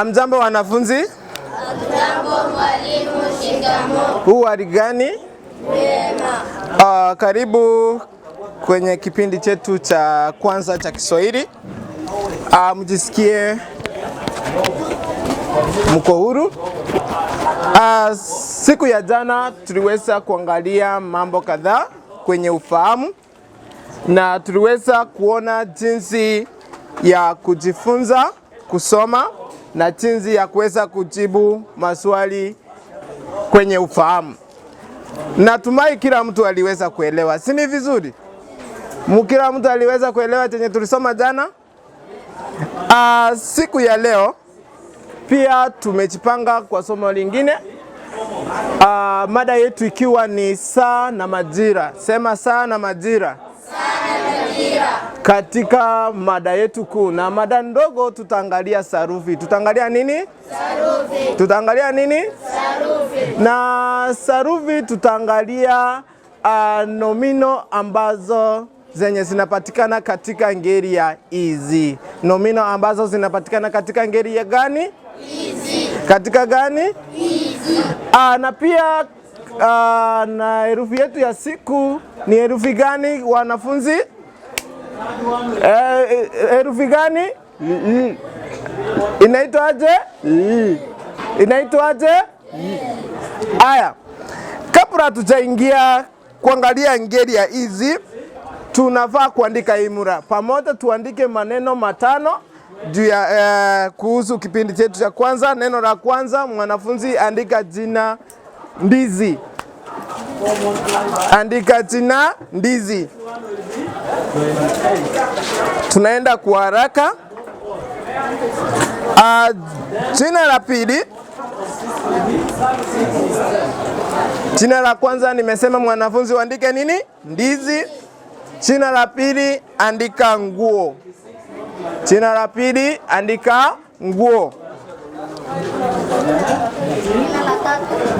Hamjambo wanafunzi? Hamjambo mwalimu, shikamoo. Huu hali gani? Mwema. Uh, karibu kwenye kipindi chetu cha kwanza cha Kiswahili. Uh, mjisikie mko huru. Uh, siku ya jana tuliweza kuangalia mambo kadhaa kwenye ufahamu na tuliweza kuona jinsi ya kujifunza kusoma na jinsi ya kuweza kujibu maswali kwenye ufahamu. Natumai kila mtu aliweza kuelewa, si ni vizuri? Kila mtu aliweza kuelewa chenye tulisoma jana. Aa, ah, siku ya leo pia tumejipanga kwa somo lingine. Aa, ah, mada yetu ikiwa ni saa na majira. Sema saa na majira katika mada yetu kuu na mada ndogo, tutaangalia sarufi. Tutaangalia nini? Sarufi. Tutaangalia nini? Sarufi. Na sarufi tutaangalia uh, nomino ambazo zenye zinapatikana katika ngeli ya izi. Nomino ambazo zinapatikana katika ngeli ya gani? Izi. Katika gani? Izi. Uh, ah, na pia uh, na herufi yetu ya siku ni herufi gani wanafunzi? Eh, eh, herufi gani? Inaitwaje? Inaitwaje? Aya, kabla tujaingia kuangalia ngeli ya hizi, tunafaa kuandika imura pamoja. Tuandike maneno matano juu ya eh, kuhusu kipindi chetu cha kwanza. Neno la kwanza, mwanafunzi andika jina ndizi. Andika tena ndizi. Tunaenda kwa haraka. Uh, jina la pili, jina la kwanza nimesema mwanafunzi uandike nini? Ndizi. Jina la pili andika nguo. Jina la pili andika nguo.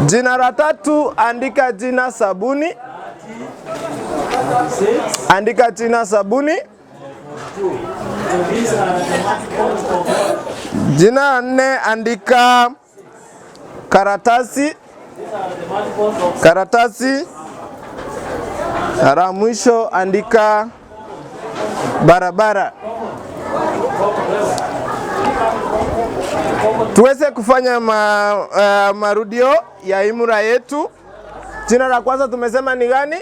Jina la tatu, andika jina sabuni. Andika jina sabuni. Jina la nne, andika karatasi. Karatasi. Ara mwisho andika barabara. tuweze kufanya ma, uh, marudio ya imura yetu. Jina la kwanza tumesema ni gani?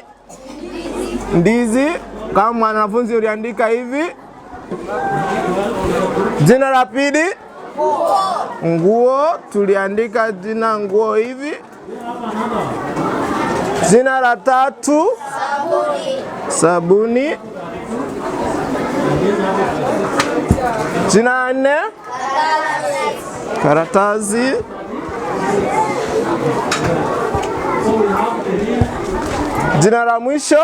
Ndizi. Kama mwanafunzi uliandika hivi. Jina la pili nguo, tuliandika jina nguo hivi. Jina la tatu sabuni, sabuni. Jina la nne karatasi Jina la mwisho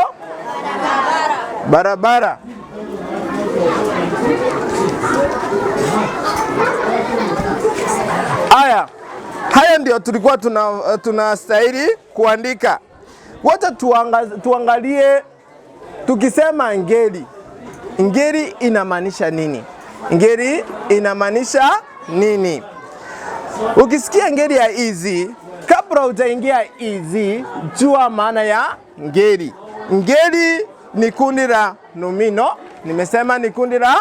barabara, barabara. Aya, haya ndio tulikuwa tunastahili tuna kuandika. Wacha tuanga, tuangalie tukisema ngeli, ngeli inamaanisha nini? Ngeli inamaanisha nini? Ukisikia ngeli ya izi kabla utaingia izi, jua maana ya ngeli. Ngeli ni kundi la nomino, nimesema ni kundi la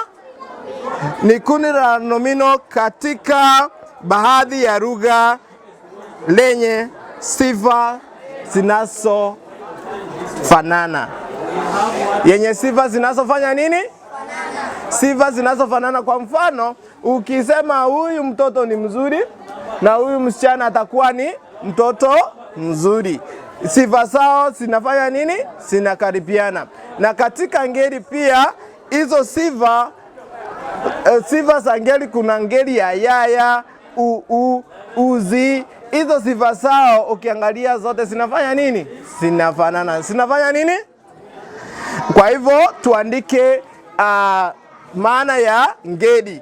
ni kundi la nomino katika baadhi ya lugha lenye sifa zinazofanana, yenye sifa zinazofanya nini? Sifa zinazofanana. Kwa mfano, ukisema huyu mtoto ni mzuri na huyu msichana atakuwa ni mtoto mzuri. Sifa zao zinafanya nini? Zinakaribiana. Na katika ngeli pia hizo sifa eh, sifa za ngeli, kuna ngeli ya yaya, uu, uzi. Hizo sifa zao ukiangalia zote zinafanya nini? Zinafanana. Zinafanya nini? Kwa hivyo tuandike uh, maana ya ngeli.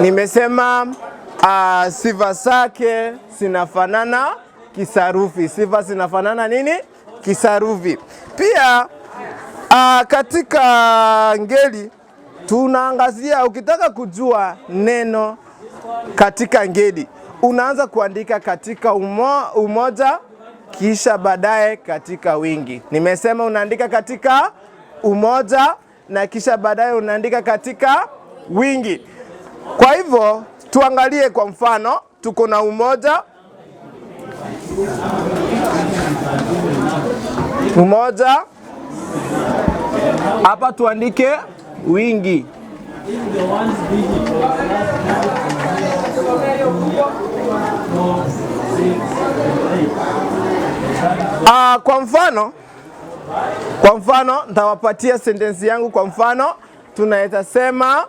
Nimesema uh, sifa zake zinafanana kisarufi. Sifa zinafanana nini? Kisarufi. Pia a, ah, katika ngeli tunaangazia, ukitaka kujua neno katika ngeli unaanza kuandika katika umo, umoja kisha baadaye katika wingi. Nimesema unaandika katika umoja na kisha baadaye unaandika katika wingi. Kwa hivyo tuangalie, kwa mfano tuko na umoja mmoja hapa tuandike wingi. Ah, kwa mfano kwa mfano nitawapatia sentensi yangu. Kwa mfano tunaweza sema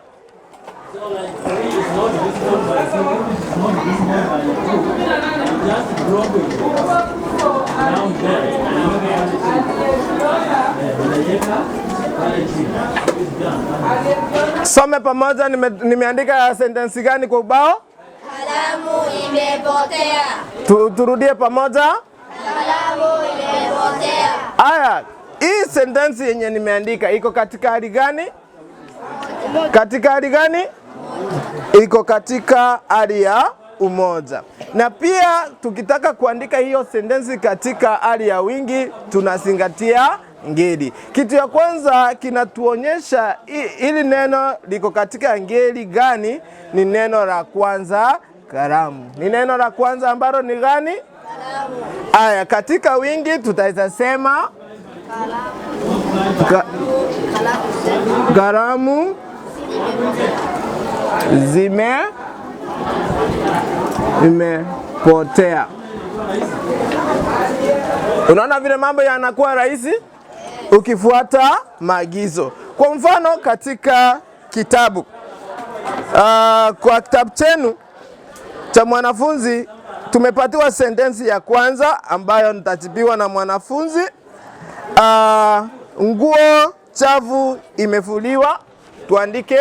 Some pamoja, nimeandika sentensi gani kwa ubao? Kalamu imepotea. Tu, turudie pamoja. Kalamu imepotea. Aya, hii sentensi yenye nimeandika iko katika hali gani? Katika hali gani? Iko katika hali ya umoja. Na pia tukitaka kuandika hiyo sentensi katika hali ya wingi tunazingatia ngeli. Kitu ya kwanza kinatuonyesha ili neno liko katika ngeli gani. Ni neno la kwanza karamu. ni neno la kwanza ambalo ni gani? Aya, katika wingi tutaweza sema karamu. Ka zime imepotea. Unaona vile mambo yanakuwa rahisi ukifuata maagizo. Kwa mfano katika kitabu uh, kwa kitabu chenu cha mwanafunzi tumepatiwa sentensi ya kwanza ambayo nitajibiwa na mwanafunzi uh, nguo chafu imefuliwa. Tuandike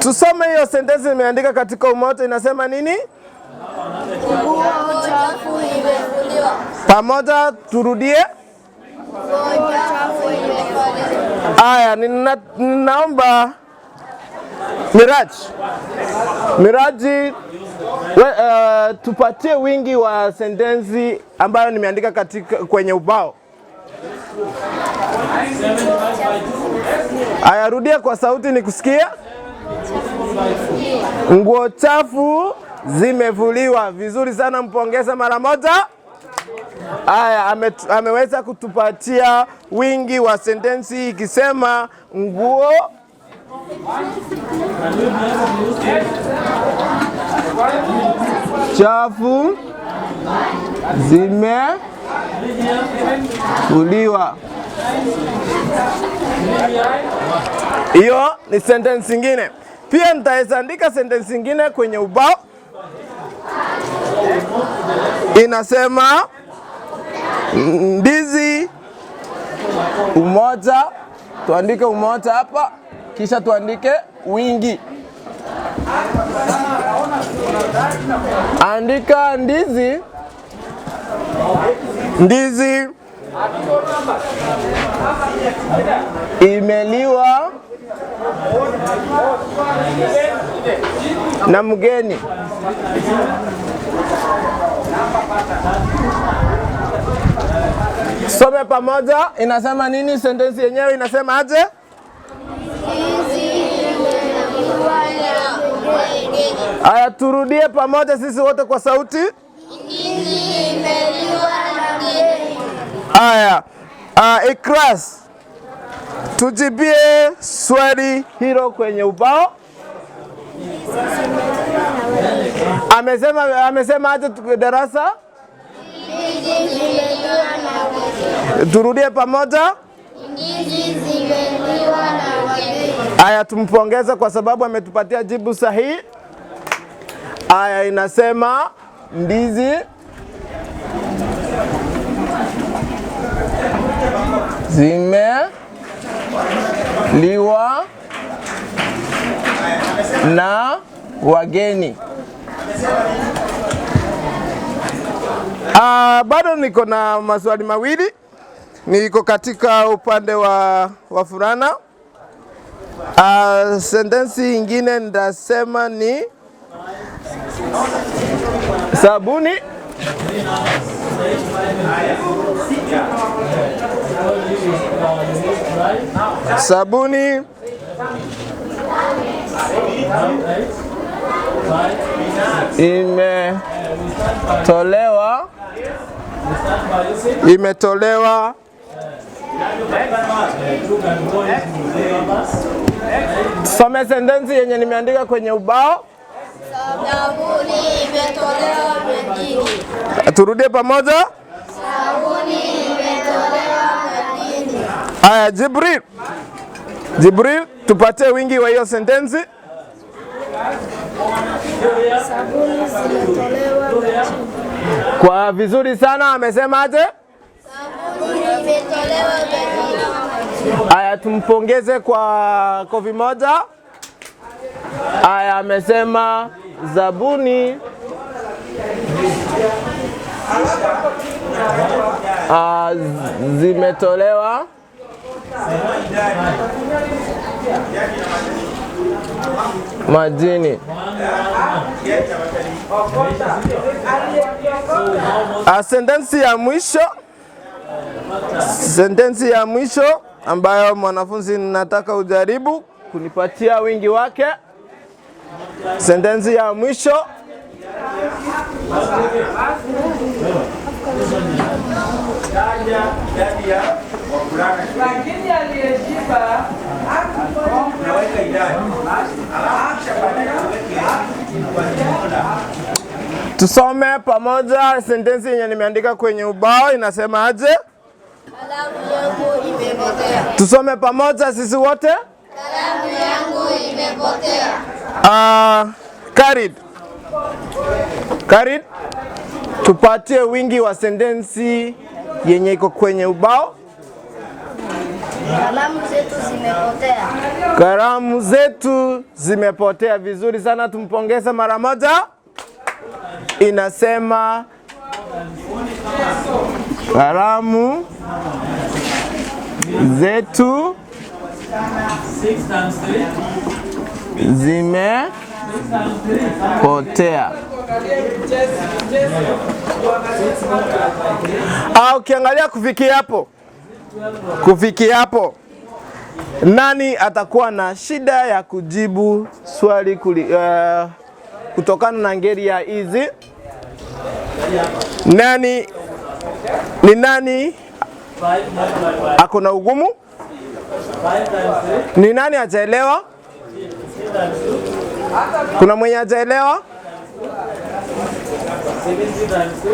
Tusome hiyo sentensi imeandika katika umoto inasema nini? Nguo chafu imefuliwa. Pamoja turudie. Nguo chafu imefuliwa. Aya, ninaomba Miraji, Miraji we, uh, tupatie wingi wa sentensi ambayo nimeandika katika kwenye ubao. Ayarudia kwa sauti nikusikia. Nguo chafu zimevuliwa. Vizuri sana, mpongeze mara moja. Aya, ame, ameweza kutupatia wingi wa sentensi ikisema nguo chafu zimefuliwa. Hiyo ni sentensi ingine. Pia nitaweza andika sentensi ingine kwenye ubao inasema ndizi umoja, tuandike umoja hapa kisha tuandike wingi. Andika ndizi, ndizi imeliwa na mgeni. Some pamoja, inasema nini? Sentensi yenyewe inasema aje? Aya, turudie pamoja sisi wote kwa sauti. Aya, uh, ah, Ikras, tujibie swali hilo kwenye ubao. Amesema, amesema aje darasa? Turudie pamoja. Aya, tumpongeze kwa sababu ametupatia jibu sahihi. Aya, inasema ndizi zimeliwa na wageni. Ah, bado niko na maswali mawili. Niko katika upande wa furana Uh, sentensi ingine ndasema ni sabuni sabuni imetolewa imetolewa Some sentensi yenye nimeandika kwenye ubao. Sabuni imetolewa mjini. Turudie pamoja. Sabuni imetolewa mjini. Aya, Jibril. Jibril, tupatie wingi wa hiyo sentensi. Sabuni zimetolewa mjini. Kwa vizuri sana amesema aje? Aya, tumpongeze kwa kofi moja. Aya, amesema zabuni. Ah, zimetolewa majini. Ah, sentensi ya mwisho Sentensi ya mwisho ambayo mwanafunzi nataka ujaribu kunipatia wingi wake. Sentensi ya mwisho Tusome pamoja sentensi yenye nimeandika kwenye ubao inasema aje? Kalamu yangu imepotea. Tusome pamoja sisi wote. Kalamu yangu imepotea. Uh, ah, Karid. Karid. Tupatie wingi wa sentensi yenye iko kwenye ubao. Kalamu zetu zimepotea. Kalamu zetu zimepotea. Vizuri sana, tumpongeze mara moja inasema karamu zetu zimepotea. Au ah, ukiangalia kufikia hapo, kufikia hapo nani atakuwa na shida ya kujibu swali kuli, uh, kutokana na ngeli ya hizi nani ni nani akona ugumu? Ni nani ajaelewa Kuna mwenye ajaelewa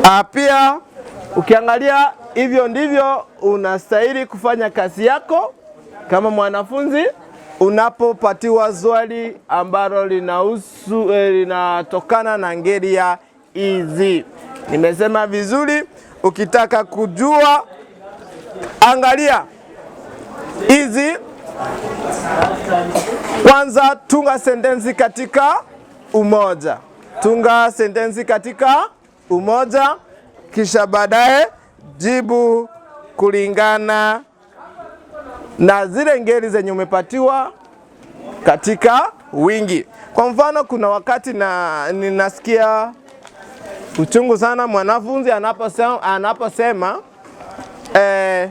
ah, Pia ukiangalia hivyo ndivyo unastahili kufanya kazi yako kama mwanafunzi unapopatiwa swali ambalo linahusu eh, linatokana na ngeli hizi. E Nimesema vizuri, ukitaka kujua angalia hizi e kwanza, tunga sentensi katika umoja, tunga sentensi katika umoja, kisha baadaye jibu kulingana na zile ngeli zenye umepatiwa katika wingi. Kwa mfano, kuna wakati na ninasikia uchungu sana mwanafunzi anaposema, anaposema eh,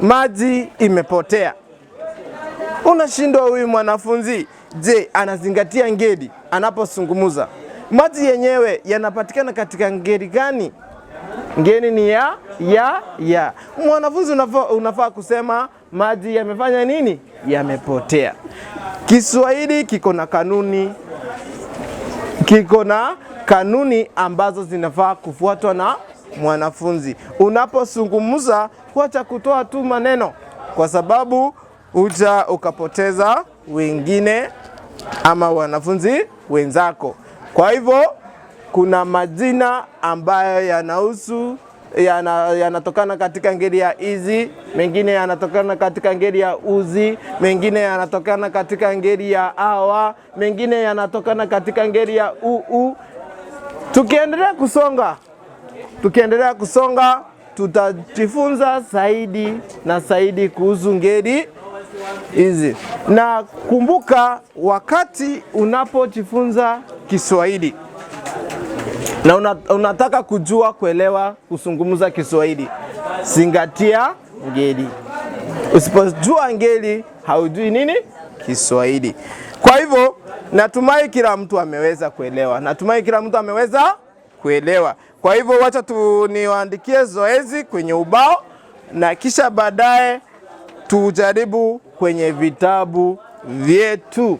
maji imepotea. Unashindwa huyu mwanafunzi, je, anazingatia ngeli anapozungumza? Maji yenyewe yanapatikana katika ngeli gani? Ngeli ni ya ya ya. Mwanafunzi unafaa, unafaa kusema maji yamefanya nini? Yamepotea. Kiswahili kiko na kanuni, kiko na kanuni ambazo zinafaa kufuatwa na mwanafunzi unapozungumza. huacha kutoa tu maneno, kwa sababu uja ukapoteza wengine ama wanafunzi wenzako. Kwa hivyo kuna majina ambayo yanahusu yanatokana ya katika ngeli ya izi, mengine yanatokana katika ngeli ya uzi, mengine yanatokana katika ngeli ya awa, mengine yanatokana katika ngeli ya uu. Tukiendelea kusonga, tukiendelea kusonga tutajifunza zaidi na zaidi kuhusu ngeli hizi, na kumbuka, wakati unapojifunza Kiswahili na unataka kujua kuelewa kuzungumza Kiswahili, zingatia ngeli. Usipojua ngeli haujui nini Kiswahili. Kwa hivyo natumai kila mtu ameweza kuelewa, natumai kila mtu ameweza kuelewa. Kwa hivyo wacha niwaandikie zoezi kwenye ubao na kisha baadaye tujaribu kwenye vitabu vyetu.